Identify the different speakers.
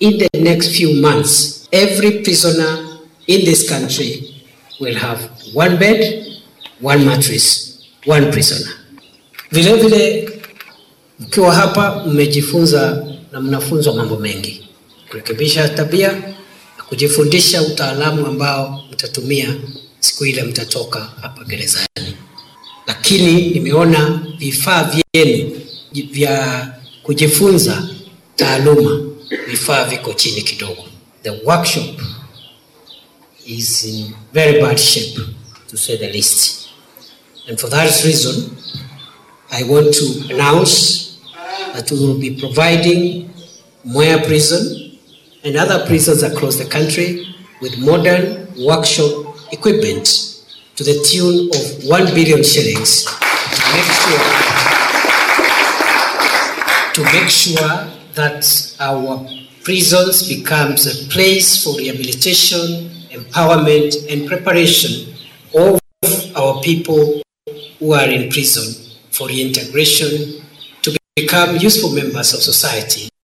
Speaker 1: in the next few months, every prisoner in this country will have one bed, one mattress, one prisoner. Vile vile mkiwa hapa mmejifunza na mnafunzwa mambo mengi, kurekebisha tabia na kujifundisha utaalamu ambao mtatumia siku ile mtatoka hapa gerezani. Lakini nimeona vifaa vyenu vya kujifunza taaluma vifaa viko chini kidogo. The workshop
Speaker 2: is in
Speaker 1: very bad shape to say the least. And for that reason, I want to announce that we will be providing Moya Prison and other prisons across the country with modern workshop equipment to the tune of 1 billion shillings to make sure, to make sure that our prisons becomes a place for rehabilitation, empowerment, and preparation of our people who are in prison for reintegration to become useful members of society